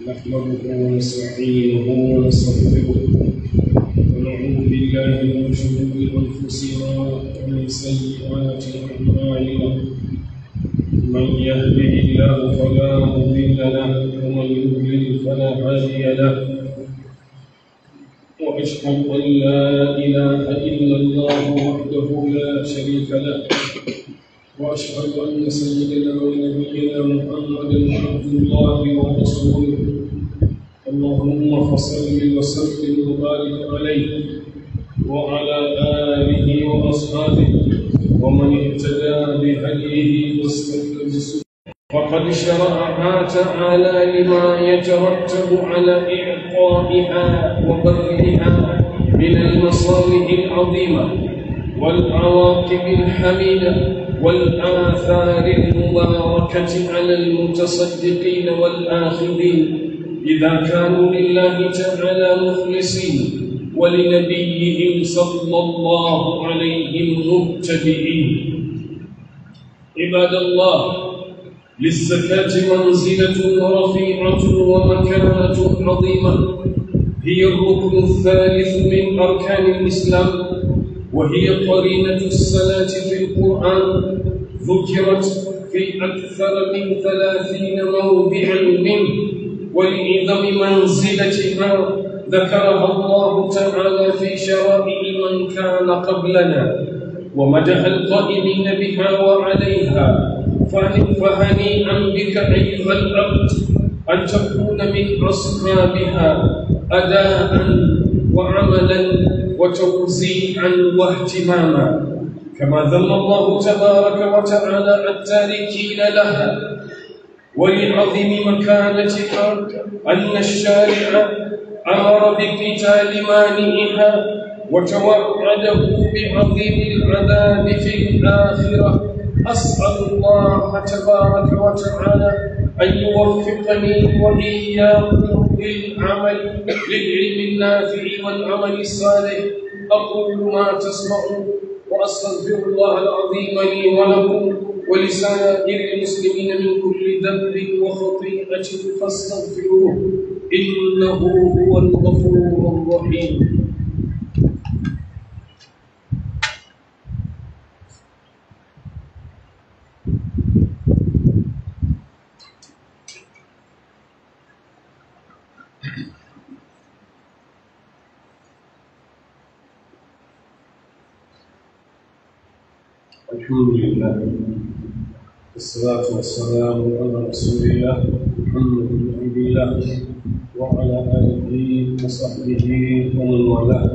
نحمده ونستعينه ونستغفره ونعوذ بالله من شرور انفسنا ومن سيئات اعمالنا من يهده الله فلا مضل له ومن يضلل فلا هادي له واشهد ان لا اله الا الله وحده لا شريك له واشهد ان سيدنا ونبينا محمدا عبد الله ورسوله اللهم فصل وسلم وبارك عليه وعلى آله وأصحابه ومن اهتدى بهديه واستنى فقد شرعها تعالى لما يترتب على إعطائها وبذلها من المصالح العظيمة والعواقب الحميدة والآثار المباركة على المتصدقين والآخذين إذا كانوا لله تعالى مخلصين ولنبيهم صلى الله عليه مبتدئين عباد الله للزكاة منزلة رفيعة ومكانة عظيمة هي الركن الثالث من أركان الإسلام وهي قرينة الصلاة في القرآن ذكرت في أكثر من ثلاثين موضعا منه ولعظم منزلتها ذكرها الله تعالى في شرائع من كان قبلنا ومدح القائمين بها وعليها فهنيئا بك ايها العبد ان تكون من اصحابها اداء وعملا وتوزيعا واهتماما كما ذم الله تبارك وتعالى التاركين لها ولعظيم مكانتها أن الشارع أمر بقتال مانعها وتوعده بعظيم العذاب في الآخرة أسأل الله تبارك وتعالى أن يوفقني وإياكم للعمل للعلم النافع والعمل الصالح أقول ما تسمعون وأستغفر الله العظيم لي ولكم ولسائر المسلمين من كل ذنب وخطيئة فاستغفروه إنه هو الغفور الرحيم الحمد لله والصلاة والسلام على رسول الله محمد بن عبد الله وعلى آله وصحبه ومن والاه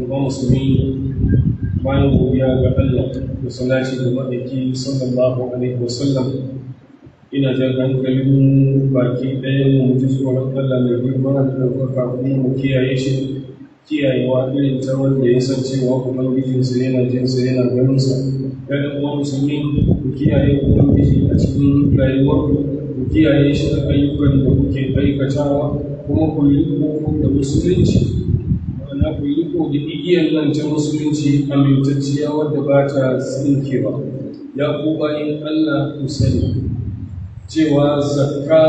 وبا مسلمين bayan godiya ga Allah da salashi da ma'aiki sallallahu alaihi wasallam ina jan hankalin baki ɗaya mu ji tsoron Allah mai girma da ɗaukaka kuma mu kiyaye shi kiyayewa irin ta wanda ya san cewa su yana su yana sa ya kuma musulmi ku kiyaye ubangiji a cikin rayuwar ku kiyaye shi da ayyukan da kuke aikatawa kuma ku yi riko da musulunci ma'ana ku yi riko da igiyar nan ta musulunci amintacciya wadda ba ta tsinkewa ya ku bayan allah ku sani cewa zakka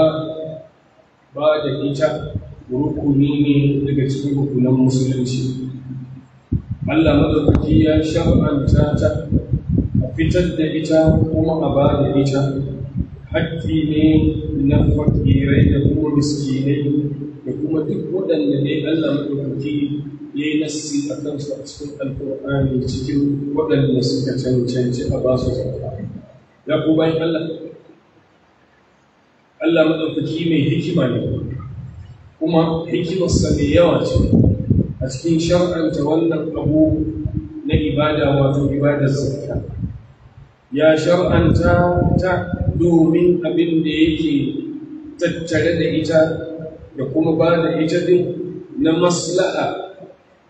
ba da ita rukuni ne daga cikin rukunan musulunci Allah madaukaki ya shar'anta ta a fitar da ita kuma a ba da ita Haƙƙi ne na fakirai da kuma miskinai da kuma duk waɗanda ne Allah madaukaki ya yi nassi a kansu a cikin alƙur'ani cikin waɗanda suka cancanci a ba su zakka ya ku bayan Allah Allah madaukaki mai hikima ne kuma hikimarsa mai yawa ce a cikin shar'anta wannan abu na ibada wato ibadar zakka ya shar'anta ta domin abin da yake tattare da ita da kuma ba da ita din na maslaha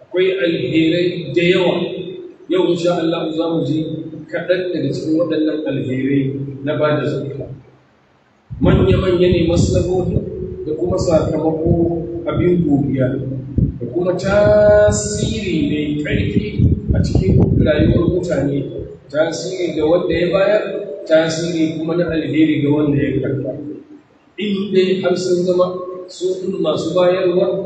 akwai alherai da yawa yau insha Allah za mu ji kaɗan daga cikin waɗannan alherai na ba da zakka manya-manya ne maslahohi da kuma sakamako abin gobiya da kuma tasiri mai ƙarfi a cikin rayuwar mutane tasiri ga wanda ya bayar tasiri kuma na alheri ga wanda ya karɓa in dai har sun zama su masu bayarwa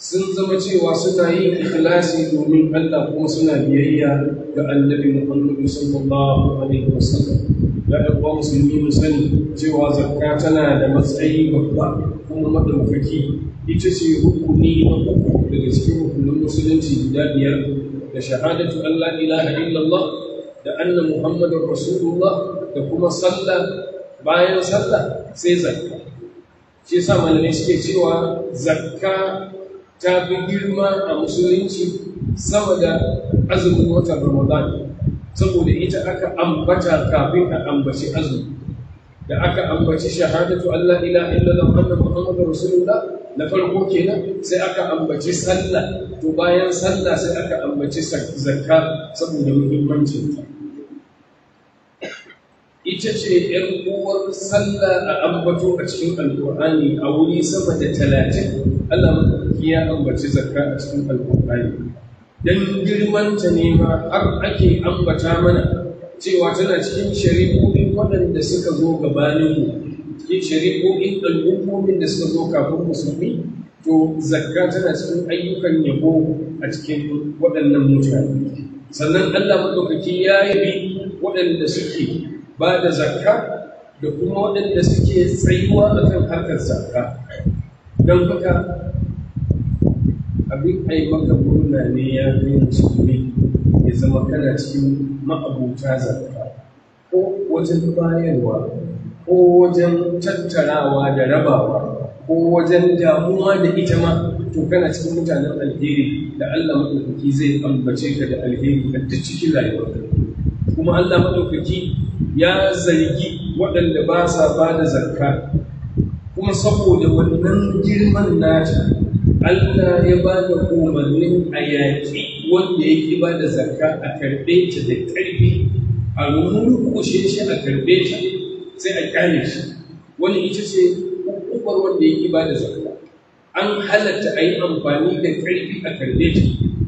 sun zama cewa suna yin ikhlasi domin Allah kuma suna biyayya ga annabi Muhammadu sallallahu alaihi wasallam ya ɗauka musulmi mu sani cewa zakka tana da matsayi babba kuma madaukaki ita ce hukuni na uku daga cikin hukunin musulunci guda biyar da shahadatu Allah ilaha illallah da anna Muhammadu Rasulullah da kuma sallah bayan sallah sai zakka shi yasa malamai suke cewa zakka ta fi girma a musulunci sama da azumin watan ramadan saboda ita aka ambata kafin a ambaci azumi da aka ambaci shahadatu Allah ila illa illallah wa muhammadur rasulullah na farko kenan sai aka ambaci sallah to bayan sallah sai aka ambaci zakka saboda muhimmancin ta ita ce ‘yan uwar sallah a ambato a cikin alkur'ani a wuri sama da talatin Allah mafi ya ambaci zakka a cikin alkur'ani don girmanta ne ma har ake ambata mana cewa tana cikin shari'o'in waɗanda suka zo gabaninmu cikin shari'o'in al'ummomin da suka zo kafin musulmi to zakka tana cikin ayyukan yabo a cikin waɗannan mutane sannan Allah mafi ya yabi waɗanda suke ba da zakka da kuma waɗanda suke tsayuwa a kan harkar zakka don baka, abin ai maka murna ne ya kai musulmi ya zama kana cikin ma'abuta zakka ko wajen bayarwa ko wajen tattarawa da rabawa ko wajen damuwa da ita ma to kana cikin mutanen alheri da Allah maɗaukaki zai ambace ka da alheri da cikin rayuwarka kuma Allah madaukaki ya zargi waɗanda ba sa ba da zakka kuma saboda wannan girman nata Allah ya ba da umarnin a yaƙi wanda yake ba da zakka a karɓe ta da ƙarfi a rumurkushe shi a karɓe ta sai a ƙyale shi wani ita ce hukumar wanda yake ba da zakka an halatta a yi amfani da ƙarfi a karɓe ta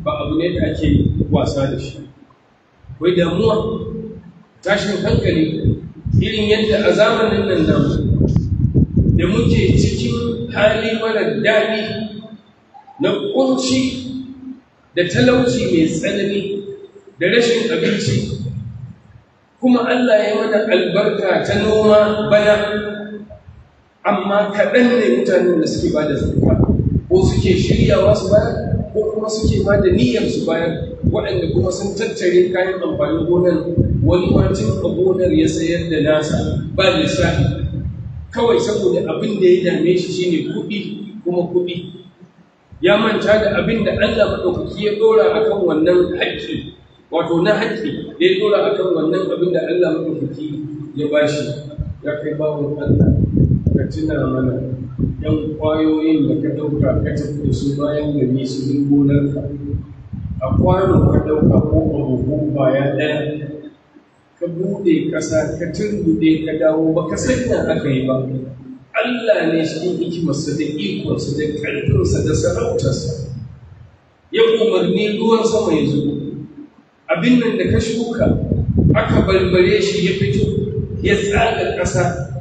ba abu ne da ake wasa da shi akwai damuwa tashin hankali irin yadda a zamanin nan namu da muke cikin hali mara daɗi na ƙunci da talauci mai tsanani da rashin abinci kuma Allah ya mana albarka ta noma bana amma kaɗan ne mutanen da suke ba da zuwa, ko suke shiryawa su bayar ko kuma suke ba da niyyar su bayar waɗanda kuma sun tattare kayan amfanin gonar wani ma a gonar ya sayar da nasa ba lissafi kawai saboda abin da ya dame shi shine kuɗi kuma kuɗi ya manta da abin da Allah maɗaukaki ya ɗora akan wannan haƙƙi wato na haƙƙi da ya ɗora akan wannan abin da Allah maɗaukaki ya bashi ya kai bawon Allah ka tuna mana yan kwayoyin da ka dauka ka tafi da su bayan gari su yi gonarka a kwano ka dauka ko abubu baya ɗaya ka buɗe ƙasa ka turbuɗe ka dawo ba ka sanya aka yi ba Allah ne shi hikimarsa da ikonsa da ƙarfinsa da sarautarsa ya umarni ruwan sama ya zo abin nan da ka shuka aka barbare shi ya fito ya tsaga ƙasa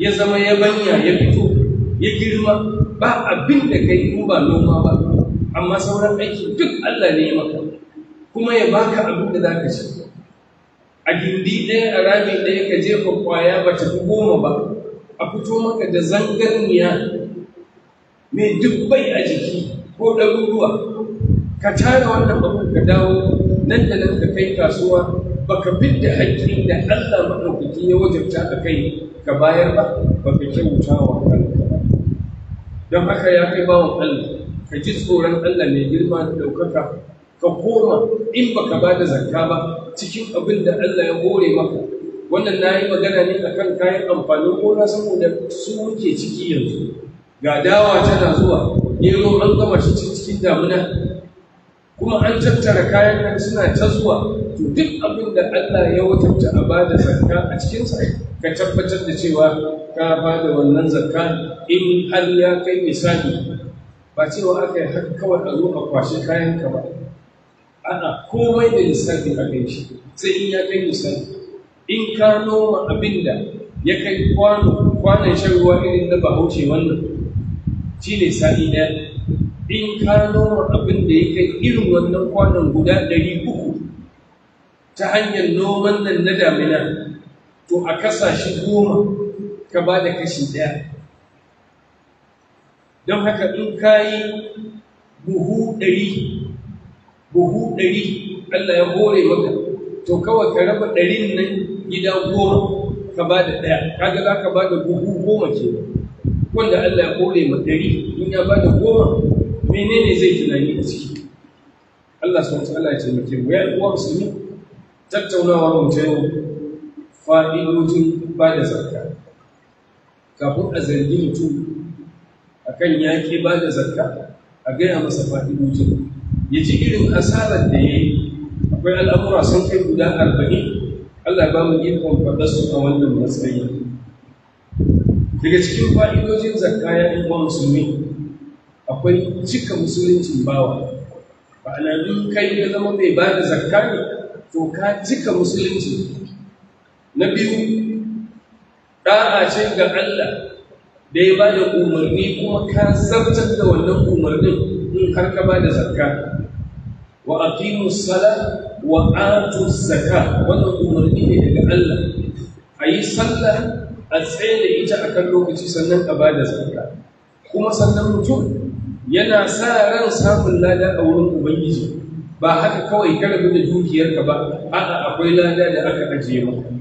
ya zama ya banya ya fito ya girma ba abin da kai in ba noma ba amma sauran aiki duk Allah ne ya maka kuma ya baka abin da zaka ci a gindi ɗaya a rami ɗaya ka jefa kwaya ba ta goma ba a fito maka da zangarniya mai dubbai a jiki ko ɗaruruwa ka tara wannan abin ka dawo nan da nan ka kai kasuwa baka bidda hakkin da Allah maɗaukaki ya wajabta a kai ka bayar ba ba ka kyauta wa kanka don haka ya kai wa Allah ka ji tsoron Allah mai girma da ɗaukaka ka koma in ba ka ba da zakka ba cikin abin da Allah ya gore maka wannan na yi magana ne akan kayan amfanin gona saboda su wuce ciki yanzu ga dawa tana zuwa nemo an gama shi cikin damuna kuma an tattara kayan nan suna ta zuwa to duk abin da Allah ya ta a ba da zakka a cikin sa ka tabbatar da cewa ka ba da wannan zakka in har ya kai misali ba cewa aka yi har kawai a zo a kwashe kayanka ba ana komai da misali a kai shi sai in ya kai misali in ka noma abin da ya kai kwanan shan ruwa irin na bahaushe wannan shi ne sa'i ɗaya in ka noma abin da ya kai irin wannan kwanan guda ɗari uku ta hanyar noman nan na damina to a kasashe goma ka ba da kashi ɗaya don haka in ka yi buhu ɗari buhu ɗari allah ya hore maka to kawai ka raba ɗarin nan gida goma ka ba da ɗaya kaga za ka ba da buhu goma ke wanda allah ya hore ma ɗari in ya ba da goma menene zai tunani a ciki allah sun wa ta'ala ya taimake mu ya uwa musulmi tattaunawar mu fa'idojin ba da zakka kafin a zargi mutum a kan yaƙi ba da zakka a gaya masa mutum. ya ci irin asarar da ya yi akwai al'amura sun kai guda arba'in allah ba mu ikon faɗar su a wannan matsayi daga cikin fa'idojin zakka ya yi musulmi akwai cika musuluncin bawa ma'ana duk kai ya zama mai ba da zakka ne to ka cika musulunci na biyu da'a ce ga Allah da ya ba da umarni kuma ka zartar da wannan umarnin in har ka ba da zarka wa aqimu sala wa atu zakka wannan umarni ne daga Allah ayi sallah a tsaye da ita akan lokaci sannan a ba da zarka kuma sannan mutum yana sa ran samun lada a wurin ubangiji ba haka kawai ka rabu da dukiyarka ba a'a akwai lada da aka ajiye maka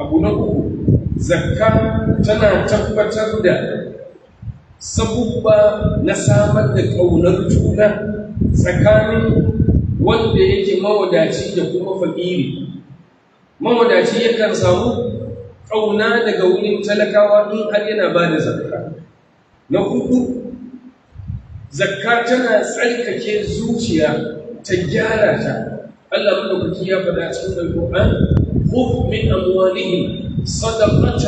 abu na uku zakka tana tabbatar da sabubba na samar da ƙaunar juna tsakanin wanda yake mawadaci da kuma fakiri mawadaci yakan samu ƙauna daga wurin talakawa in har yana ba da zakka na hudu zakka tana tsarkake zuciya ta gyara ta Allah madaukaki ya faɗa cikin alƙur'ani خذ من أموالهم صدقة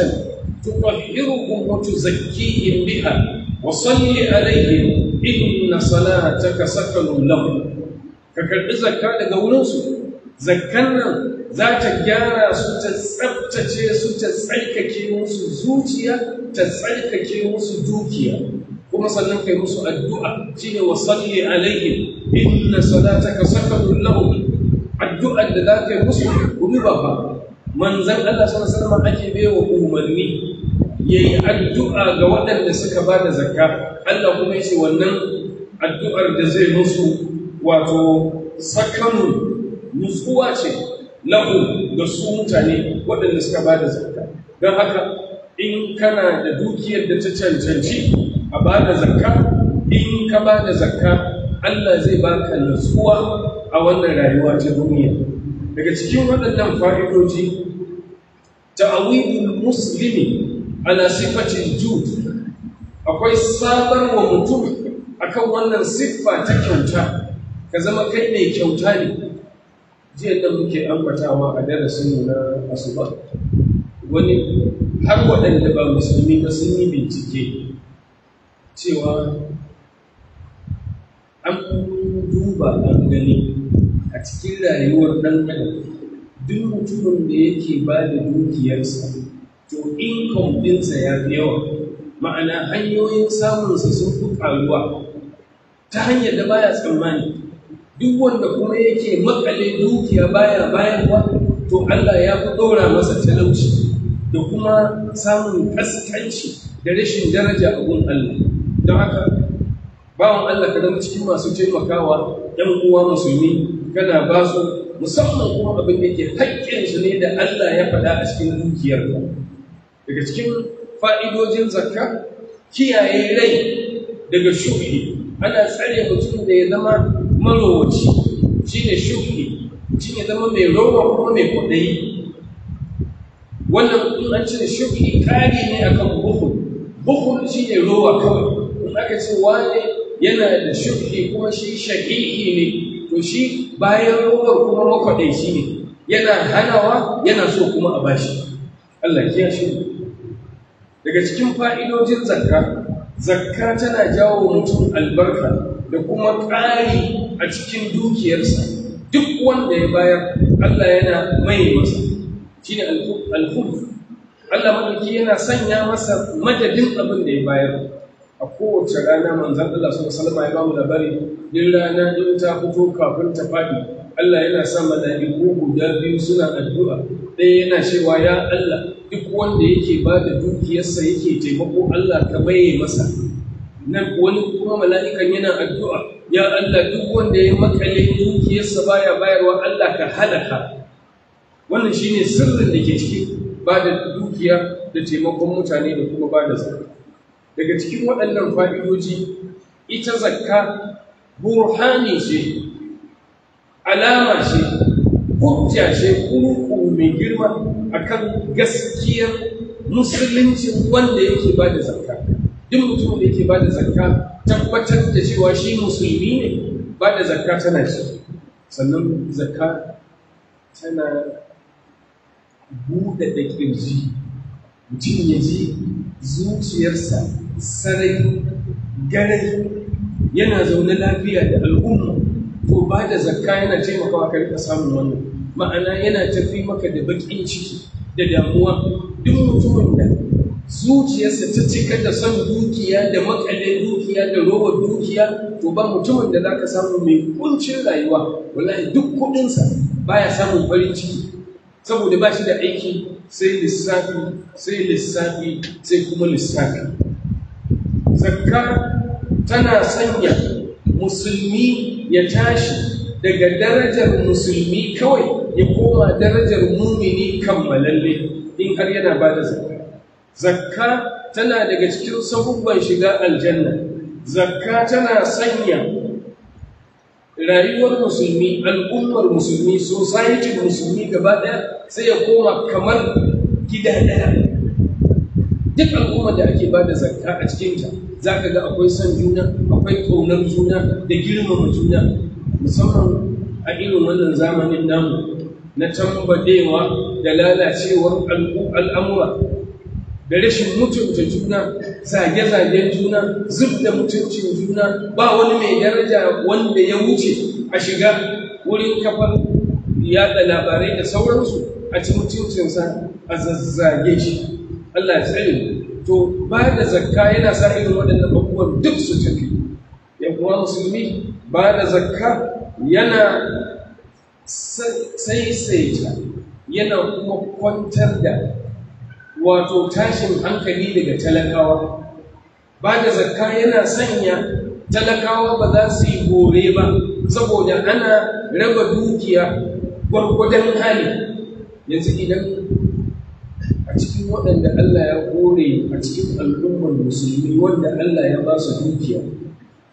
تطهرهم وتزكيهم بها وصل عليهم إن صلاتك سكن لهم ككرب زكاة دولنسو زكنا ذات جارة ستسبتة ستسعيك موسو زوتيا تسعيك موسو دوكيا kuma sannan kai musu addu'a shine wa salli alaihim inna salataka sakanun lahum addu'ar da za ka yi musu gumi babba manzan Allah sun sama ake baiwa umarni Ya yi addu'a ga waɗanda suka ba da zakka Allah kuma ce wannan addu'ar da zai musu wato sakanun nutsuwa ce lahu ga su mutane waɗanda suka ba da zakka don haka in kana da dukiyar da ta cancanci a ba da zakka in ka ba da zakka Allah zai baka nutsuwa a wannan rayuwa ta duniya daga cikin waɗannan fa'idoji ta'awidul musulmi a nasifacin jud akwai sabar wa mutum akan wannan siffa ta kyauta ka zama kai mai kyauta ne jiya da muke ambatawa a darasin na asuba wani har waɗanda ba musulmi ba sun yi bincike cewa an duba an gani a cikin rayuwar ɗan adam duk mutumin da yake ba da dukiyarsa to in ɗinsa ya fi yawa ma'ana hanyoyin samunsa sun fi ƙaruwa ta hanyar da baya tsammani duk wanda kuma yake makale dukiya baya bayarwa to Allah ya fi ɗora masa talauci da kuma samun kaskanci da rashin daraja a gun Allah don haka bawan Allah ka zama cikin masu taimakawa ‘yan uwa musulmi kana ba su musamman kuma abin da ke su ne da Allah ya faɗa a cikin dukiyar daga cikin fa'idojin zakka kiyaye rai daga shuɗi, ana tsare mutum da ya zama marowaci shi ne shuɗi, shi ne zama mai rowa kuma mai kwaɗayi wannan in an cire shuɗi ƙari ne akan buhun, buhun shi ne rowa kawai in aka ce wane yana da shuɗi kuma shi shaki'i ne to shi bayan ruwar kuma makwaɗaici ne yana hanawa yana so kuma a bashi Allah ya shi daga cikin fa'idojin zakka zakka tana jawo mutum albarka da kuma ƙari a cikin dukiyarsa duk wanda ya bayar Allah yana mai masa shi ne alhub Allah maɗauki yana sanya masa madadin abin da ya bayar a kowace rana manzan Allah suna salama ya bamu labari din rana in ta fito kafin ta faɗi Allah yana sa mala'iku guda biyu suna addu'a ɗaya yana cewa ya Allah duk wanda yake ba da dukiyarsa yake taimako Allah ka baye masa nan wani kuma mala'ikan yana addu'a ya Allah duk wanda ya makale dukiyarsa baya bayarwa Allah ka halaka wannan shine sirrin da ke ciki ba da dukiya da taimakon mutane da kuma ba da zakka daga cikin waɗannan fa'idoji ita zakka burhani ce alama ce hujja ce kuku mai girma akan gaskiyar musuluncin wanda yake ba da zakka duk mutum da yake ba da zakka tabbatar da cewa shi musulmi ne ba da zakka tana ce sannan zakka tana buɗe da ƙirji mutum ya ji zuciyarsa sarai garai, yana zaune lafiya da al'umma to ba da zakka yana taimakawa ka rika wannan ma'ana yana tafi maka da baƙin ciki da damuwa duk mutumin da zuciyarsa ta cika da son dukiya da makale dukiya da robar dukiya to ba mutumin da za ka samu mai kuncin rayuwa wallahi duk kuɗinsa baya samun farin ciki saboda ba shi da aiki sai lissafi sai lissafi sai kuma lissafi zakka tana sanya musulmi ya tashi daga darajar musulmi kawai ya koma darajar mumini kammalalle in har yana ba da zakka zakka tana daga cikin sabubban shiga aljanna zakka tana sanya rayuwar musulmi al'ummar musulmi society musulmi gaba ɗaya sai ya koma kamar gida daya duk al'ummar da ake bada zakka a cikinta za ka ga akwai son juna akwai ƙaunar juna da girmama juna musamman a irin wannan zamanin namu na tambadewa da lalacewar al'amura da rashin mutunta juna zage-zagen juna zub da mutuncin juna ba wani mai daraja wanda ya wuce a shiga wurin kafar yada labarai da sauransu a ci mutuncinsa a zazzage shi Allah ya tsare to ba da zakka yana sa irin waɗannan abubuwan duk su tafi ya kuma musulmi ba da zakka yana saisaita yana kuma kwantar da wato tashin hankali daga talakawa ba da zakka yana sanya talakawa ba za su yi gore ba saboda ana raba dukiya gwargwadon hali yanzu idan a cikin waɗanda Allah ya gore a cikin al'ummar musulmi wanda Allah ya ba su dukiya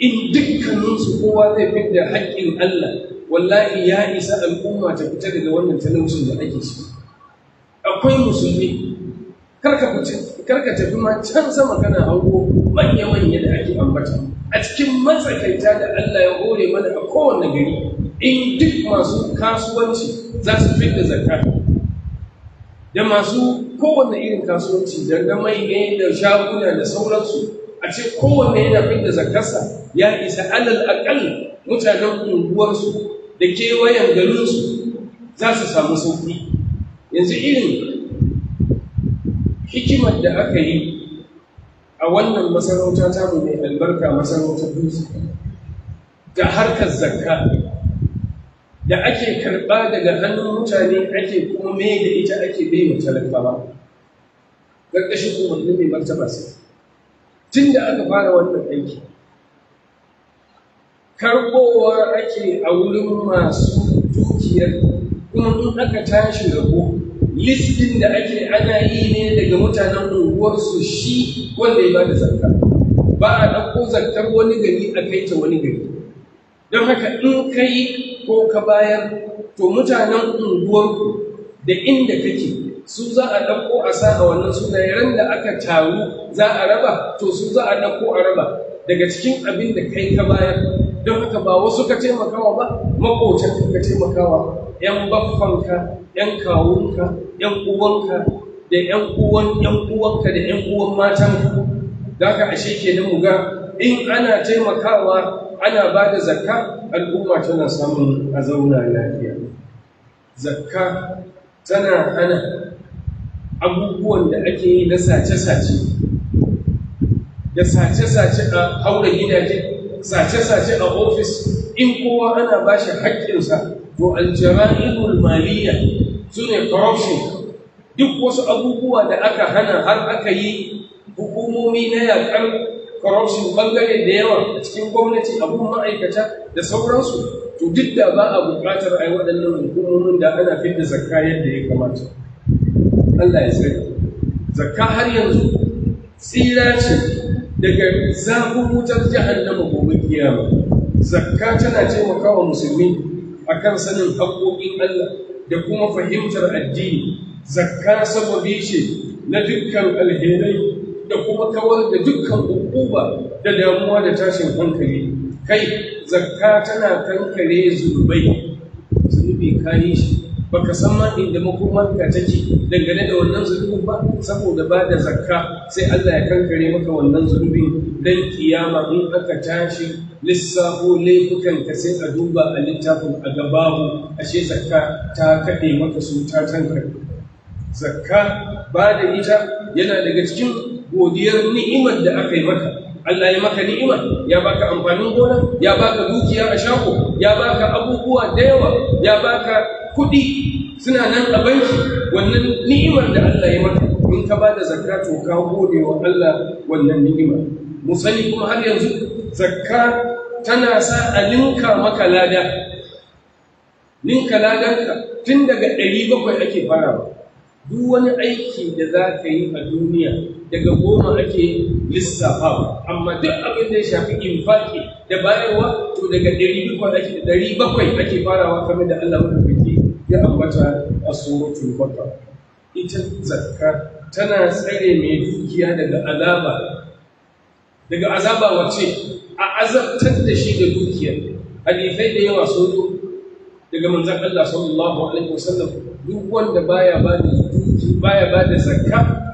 in dukkaninsu kowa zai da haƙƙin Allah wallahi ya isa al'umma ta fita daga wannan talaucin da ake ciki akwai musulmi karka tafi ma can sama kana hango manya-manya da ake ambata a cikin matsakaita da Allah ya hore mana a kowane gari in duk masu kasuwanci za su fi da zarka da masu kowane irin kasuwanci da na mai ne da shaguna da sauransu a ce kowanne yana fi da ya isa alal akal mutanen unguwarsu da kewayen garinsu za su samu sauki yanzu irin hikimar da aka yi a wannan masarauta ta mu mai albarka masarautar dutse ga harkar zakka da ake karɓa daga hannun mutane ake kuma mai da ita ake bai wa talakawa ƙarƙashin umarni mai martaba sai tun da aka fara wannan aiki karɓowa ake a wurin masu dukiyar kuma in aka tashi rabo listin da ake ana yi ne daga mutanen unguwarsu shi wanda ya bada zakka ba a ɗauko zakkar wani gari a kai ta wani gari don haka in kai ko ka bayar to mutanen unguwarku da inda kake su za a ɗauko a sa a wannan sunayen da aka taru za a raba to su za a ɗauko a raba daga cikin abin da kai ka bayar don haka ba wasu ka taimakawa ba makocin ka taimakawa ‘yan baffanka ‘yan kawunka ‘yan uwanka da ‘yan uwan ‘yan uwanka da ‘yan uwan matan, da haka ashe ke mu ga in ana taimakawa ana ba da zakka al'umma tana samun a zauna lafiya zakka tana hana abubuwan da ake yi na sace-sace da sace-sace a haura gidaje sace-sace a ofis in kowa ana ba shi haƙƙinsa to aljama'irul maliyya su ne corruption duk wasu abubuwa da aka hana har aka yi hukumomi na yaƙar corruption ɓangare da yawa a cikin gwamnati abun ma'aikata da sauransu to duk da ba a buƙatar ai waɗannan hukumomin da ana fidda zakka yadda ya kamata Allah ya tsare zakka har yanzu tsira ce daga zafin wutar jahannama gobe kiyama zakka tana taimakawa musulmi a kan sanin haƙoƙin Allah da kuma fahimtar addini zakka saboda ce na dukkan alherai da kuma kawar da dukkan hukuma da damuwa da tashin hankali kai zakka tana kankare zunubai zunubi kayi shi baka san ma inda makomarka take dangane da wannan zunubin ba saboda ba da zakka sai Allah ya kankare maka wannan zunubin dan kiyama in aka tashi lissafo laifukan ka sai a duba a littafin a gababu ashe zakka ta kaɗe maka su ta tanka? zakka ba da ita yana daga cikin godiyar ni'imar da aka yi maka Allah ya maka ni'ima ya baka amfanin gona ya baka dukiya a shago ya baka abubuwa da yawa ya baka kuɗi suna nan a banki wannan ni'imar da Allah ya maka in ka ba da zakka to ka gode wa Allah wannan ni'ima mu sani kuma har yanzu zakka tana sa a ninka maka lada ninka ladanka tun daga ɗari bakwai ake farawa duk wani aiki da za ka yi a duniya daga goma ake lissafa amma duk abin da ya shafi infaki da bayarwa to daga ɗari bakwai ake ɗari bakwai ake farawa kamar da Allah mafi ya ambata a suratul ita zakka tana tsare mai dukiya daga azaba daga azaba wace a azabtar da shi da dukiya hadisai da yawa sun zo daga manzon Allah sallallahu alaihi wasallam duk wanda baya ba da baya ba da zakka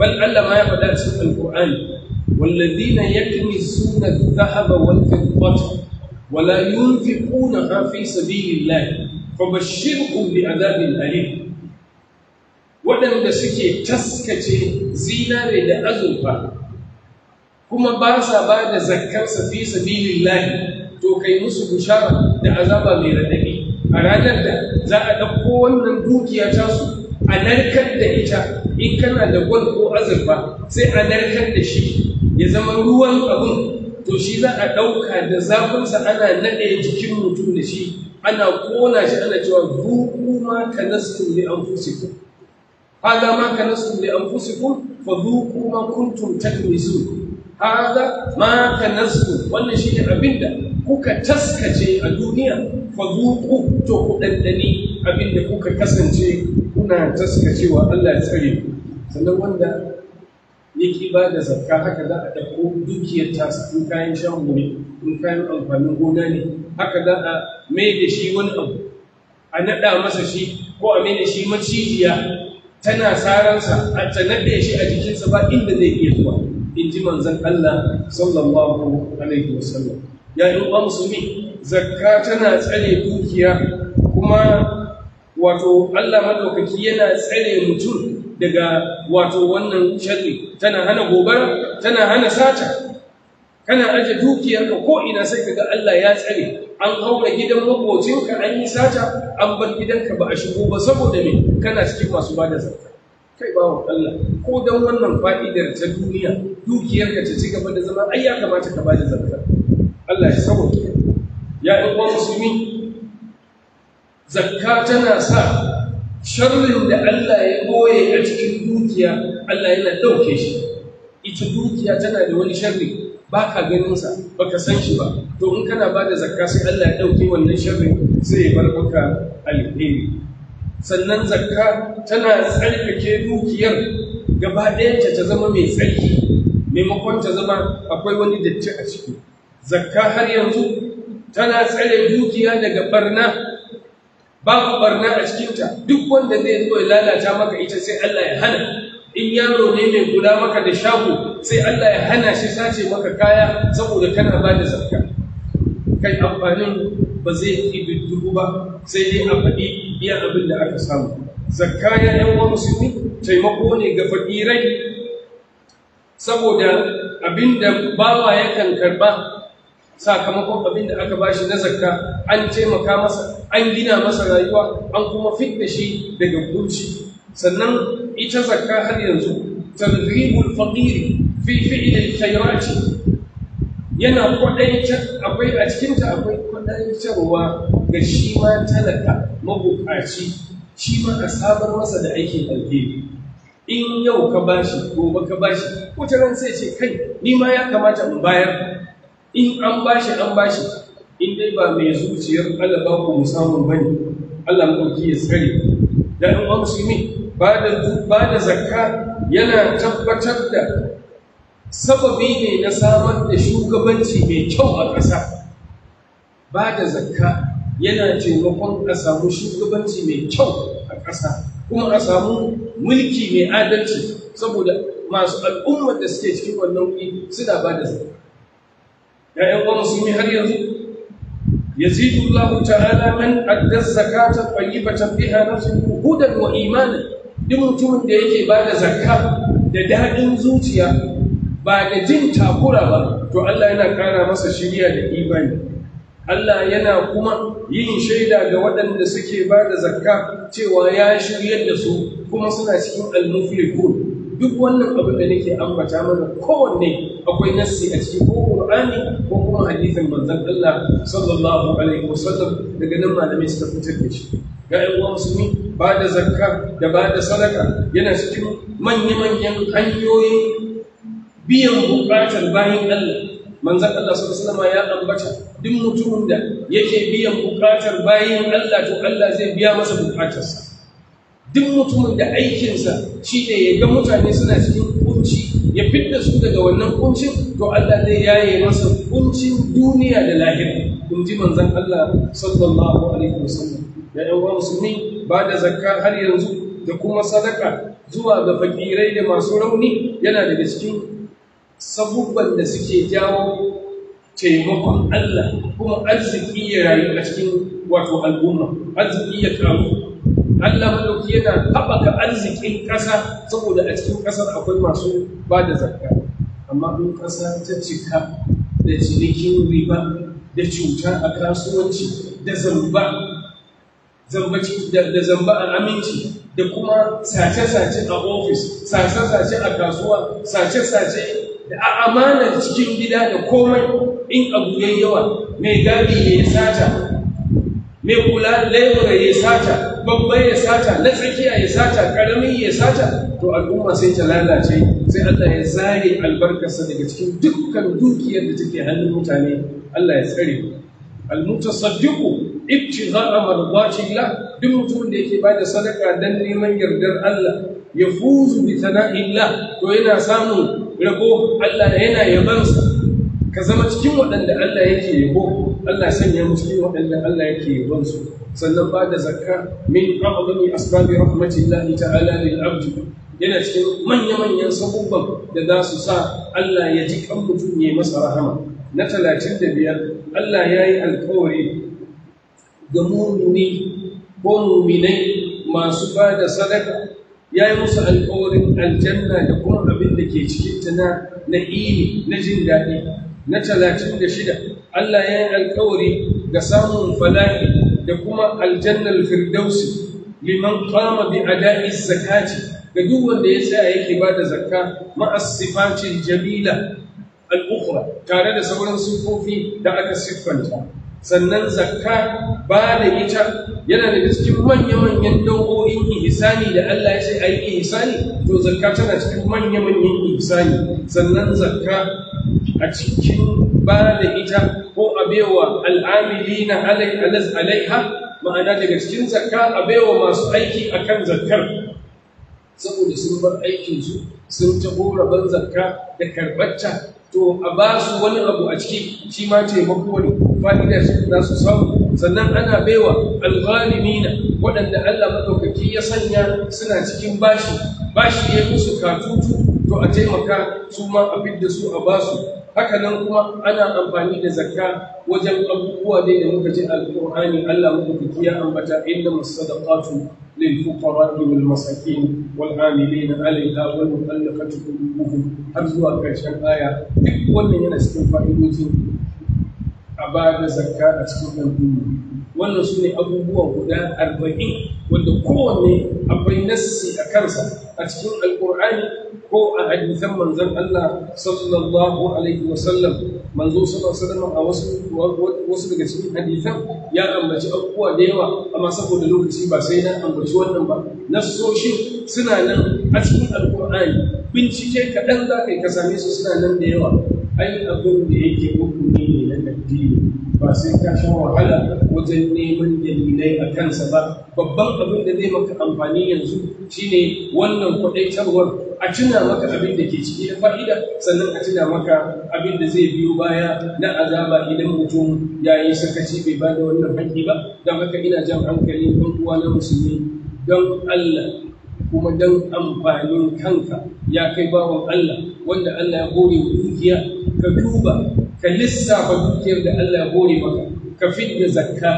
bal Allah ma ya faɗa a cikin alqur'ani walladhina yaknizuna adh-dhahaba wal fiddata wala yunfiquna fi sabilillah fabashshirhum bi'adabin alim waɗanda suke taskace zinare da azurfa kuma ba sa ba da zakkarsa fi sabilillahi to kai musu bushara da azaba mai radadi a ranar da za a ɗauko wannan dukiya tasu a narkar da ita in kana da gwal ko azurfa sai a narkar da shi ya zama ruwan abun to shi za a ɗauka da zafinsa ana naɗe jikin mutum da shi ana kona shi ana cewa zuku ma an fusi ku hada ma an fusi ku fa zuku ma kuntum hada ma nasu wannan shi ne abin da kuka taskace a duniya fa zuku to ku dandani da kuka kasance kuna taskacewa Allah ya tsare ku sannan wanda yake ba da zakka haka za a ɗauko dukiyar tasa in kayan shan wuri in kayan amfanin gona ne haka za a mai da shi wani abu a naɗa masa shi ko a mai da shi macijiya tana sararsa a tsanar da shi a jikinsa ba inda zai iya zuwa in ji manzan Allah sallallahu alaihi wasallam ya yi musulmi zakka tana tsare dukiya kuma wato Allah madaukaki yana tsare mutum daga wato wannan sharri tana hana gobara tana hana sata kana aje dukiyarka ko ina sai ga Allah ya tsare an haura gidan makocinka an yi sata an bar gidanka ba a shigo ba saboda me kana cikin masu da zakka kai bawa Allah ko dan wannan fa'idar ta duniya dukiyarka ta ci gaba da zama ai ya kamata ka bada zakka Allah ya sabo ya ɗan uwan musulmi zakka tana sa sharrin da Allah ya boye a cikin dukiya Allah yana ɗauke shi ita dukiya tana da wani sharri ba ka ganinsa ba ka san shi ba to in kana bada zakka sai Allah ya ɗauke wannan sharrin sai ya bar maka alheri sannan zakka tana tsarkake dukiyar gaba ɗayanta ta zama mai tsarki maimakon ta zama akwai wani datti a ciki zakka har yanzu tana tsare dukiya daga barna babu barna a cikinta duk wanda zai zo ya lalata maka ita sai Allah ya hana in yaro ne mai kula maka da shago sai Allah ya hana shi sace maka kaya saboda kana ba da zakka kai amfanin ba zai yi biddugu ba sai dai a faɗi biyan abin da aka samu zakka ya yan wa musulmi taimako ne ga fakirai saboda abinda bawa yakan karba sakamakon abin da aka bashi na zakka an taimaka masa an gina masa rayuwa an kuma fitna shi daga burci sannan ita zakka har yanzu targhibul faqir fi fi'l al-khayrat yana kwadaitar akwai a cikinta ta akwai kwadaitarwa ga shi ma talaka mabukaci shi ma a sabar masa da aikin alheri in yau ka ba ko gobe ka bashi wata ran sai ce kai ni ma ya kamata in bayar in an ba shi, an ba shi. in dai ba mai zuciyar Allah ba ku musamman bane Allah mauki ya tsare da ba musulmi ba da ba da zakka yana tabbatar da sababi ne na samar da shugabanci mai kyau a ƙasa ba da zakka yana taimakon a samu shugabanci mai kyau a ƙasa kuma a samu mulki mai adalci saboda masu al'ummar da suke cikin wannan wuri suna ba da zai ‘ya'yan sun yi har yanzu يزيد الله ba من fi الزكاة su hudar wa imanin وإيمانا mutumin da yake ba da zaka da daɗin zuciya ba da jin takura ba to Allah yana kara masa shirya da imani Allah yana kuma yin shaida ga waɗanda suke ba da zakka cewa ya shiryar da su kuma suna cikin almuflihun duk wannan abin da nake ambata mana kowanne akwai nassi a cikin ko Qur'ani ko kuma hadisin manzon Allah sallallahu alaihi wasallam daga nan malamai suka fitar da shi ga ƴan musulmi ba da zakka da ba da sadaka yana cikin manya-manyan hanyoyin biyan buƙatar bayin Allah manzan Allah su sallama ya ambata duk mutumin da yake biyan bukatar bayan Allah to Allah zai biya masa bukatarsa duk mutumin da aikinsa shi ne ya ga mutane suna cikin kunci ya fidda su daga wannan kuncin to Allah zai yaye masa kuncin duniya da lahira kun ji manzan Allah sallallahu alaihi wasallam ya yan wa musulmi ba da zakka har yanzu da kuma sadaka zuwa ga fakirai da masu rauni yana daga cikin sabubban da suke jawo taimakon Allah kuma arziki ya rayu a cikin wato al'umma arziki ya kawo Allah madauki yana haɓaka arzikin ƙasa saboda a cikin ƙasar akwai masu ba da zakka amma in ƙasa ta cika da cinikin riba da cuta a kasuwanci da zamba da zamba a aminci da kuma sace-sace a ofis sace-sace a kasuwa sace-sace da amanar cikin gida da komai in abu yayi yawa mai gadi ne ya sata mai kula lebura ya sata babba ya sata na tsakiya ya sata karamin ya sata to al'umma sai ta lalace sai Allah ya zare albarkarsa daga cikin dukkan dukiyar da take hannun mutane Allah ya tsare mu al-mutasaddiqu ibtigha'a mardatillah duk mutumin da yake bada sadaka dan neman yardar Allah ya fuzu bi sana'illah to yana samun rabo Allah yana yabansa ka zama cikin waɗanda Allah yake yabo Allah sanya mu cikin waɗanda Allah yake yabon su sannan bada zakka min a'zami asbabi rahmatillahi ta'ala lil abd yana cikin manya-manyan sabubban da za su sa Allah ya ji kan mutum ya masa rahama na talatin da biyar Allah ya yi alkawari ga mumini ko muminai masu ba da sadaka ya yi musu alkawarin aljanna da kuma abin da ke cikin na na ini na jin daɗi na talatin da shida Allah ya yi alkawari ga samun fala'i da kuma aljannar firdausi liman kama bi ada'i zakati ga duk wanda ya tsaya yake ba da zakka ma'asifacin jamila al'ukura tare da sauran siffofi da aka siffanta sannan zakka ba da ita yana da cikin manya-manyan dango'in ihsani da Allah ya ce a yi ihsani to zakka tana cikin manya-manyan ihsani sannan zakka a cikin ba da ita ko a baiwa al'amili na alaiha ma'ana daga cikin zakka a baiwa masu aiki akan kan zakkar saboda sun bar aikinsu sun taho rabon zakka da karɓarta to a ba su wani abu a ciki shi ma taimako ne fa'ida su za su samu sannan ana baiwa na waɗanda Allah madaukaki ya sanya suna cikin bashi bashi ya musu katutu to a taimaka su ma a fidda su a basu haka nan kuma ana amfani da zakka wajen abubuwa ne da muka ji alƙur'ani Allah madaukaki ya ambata inna masadaqatu lil fuqara wal masakin wal amilina alaiha wal muqallaqatu qulubuhum har zuwa karshen aya duk wannan yana cikin fa'idojin a ba da zakka a cikin al'umma wannan su ne abubuwa guda arba'in wanda kowanne akwai nassi a kansa a cikin alkur'ani ko a hadisan manzon Allah sallallahu alaihi Sallam, manzo sallallahu a wasu wasu daga cikin hadisan ya ambaci abubuwa da yawa amma saboda lokaci ba sai na ambaci wannan ba nassoshin suna nan a cikin alkur'ani bincike kaɗan za ka yi ka same su suna nan da yawa ai abin da yake hukumi ne na addini ba sai ka sha wahala wajen neman dalilai a kansa ba babban abin da zai maka amfani yanzu shine wannan kwadaitarwar a tuna maka abin da ke ciki na fa'ida sannan a tuna maka abin da zai biyo baya na azaba idan mutum ya yi sakaci bai ba da wannan haƙƙi ba don haka ina jan hankali ɗan uwa na musulmi don Allah kuma don amfanin kanka ya kai bawan Allah wanda Allah ya hore dukiya ka duba ka lissafa dukiyar da Allah ya hore maka ka fidda zakka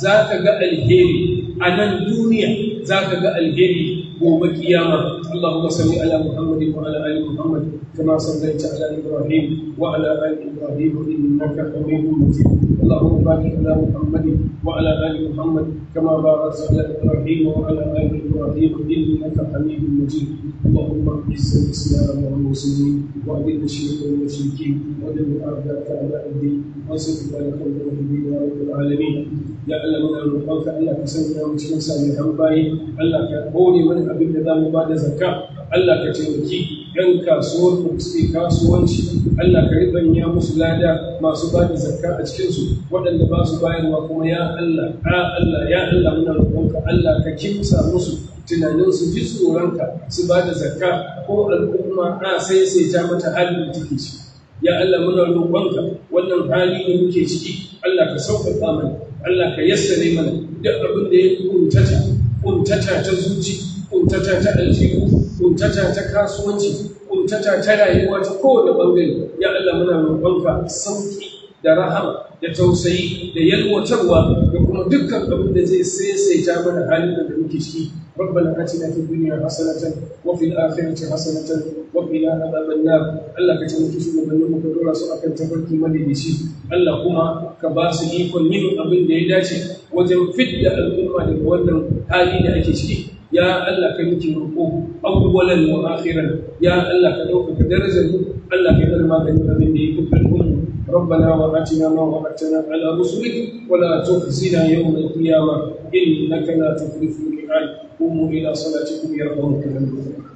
za ka ga alheri a nan duniya za ka ga alheri يوم القيامة اللهم صل على محمد وعلى آل محمد كما صليت على إبراهيم وعلى آل إبراهيم إنك حميد مجيد اللهم بارك على محمد وعلى آل محمد كما باركت على إبراهيم وعلى آل إبراهيم إنك حميد مجيد اللهم أعز الإسلام والمسلمين وأذل الشرك والمشركين ودمر أعداءك أعداء الدين وانصر ذلك الموحدين يا رب العالمين ya Allah muna ka Allah ka sanya mu cikin salihan bayi Allah ka kore wani abin da zamu ba da zakka Allah ka taimaki yan kasuwar da suke kasuwanci Allah ka ribanya musu lada masu bada da zakka a cikin su waɗanda ba su bayarwa kuma ya Allah ya Allah ya Allah muna ka Allah ka kimsa musu tunanin su ji tsoronka su ba da zakka ko al'umma a sai sai ta mata halin da take ciki ya Allah muna ka wannan hali da muke ciki Allah ka sauƙaƙa mana Allah ka ne mana duk abin da ya kuntata kuntata ta zuci kuntata ta aljihu kuntata ta kasuwanci kuntata ta rayuwa ta kowane bangare ya Allah muna roƙonka sauki da rahama da tausayi da yalwatarwa da kuma dukkan abin da zai saisaita mana halin da muke ciki ربنا اتنا في الدنيا حسنه وفي الاخره حسنه Allah عذاب النار الله كتمكي shugabannin muka dora su akan tafarki shi. Allah kuma ka ba su ikon yin abin da ya dace wajen fidda al'umma daga wannan hali da ake ciki ya Allah ka miki roƙo awwalan wa akhiran ya Allah ka ɗaukaka darajar mu Allah ka bar maganin abin da ya kubbal mu ربنا وآتنا ما وعدتنا على رسلك ولا تخزنا يوم القيامة إنك لا تخلف الميعاد قوموا إلى صلاتكم يرحمكم الله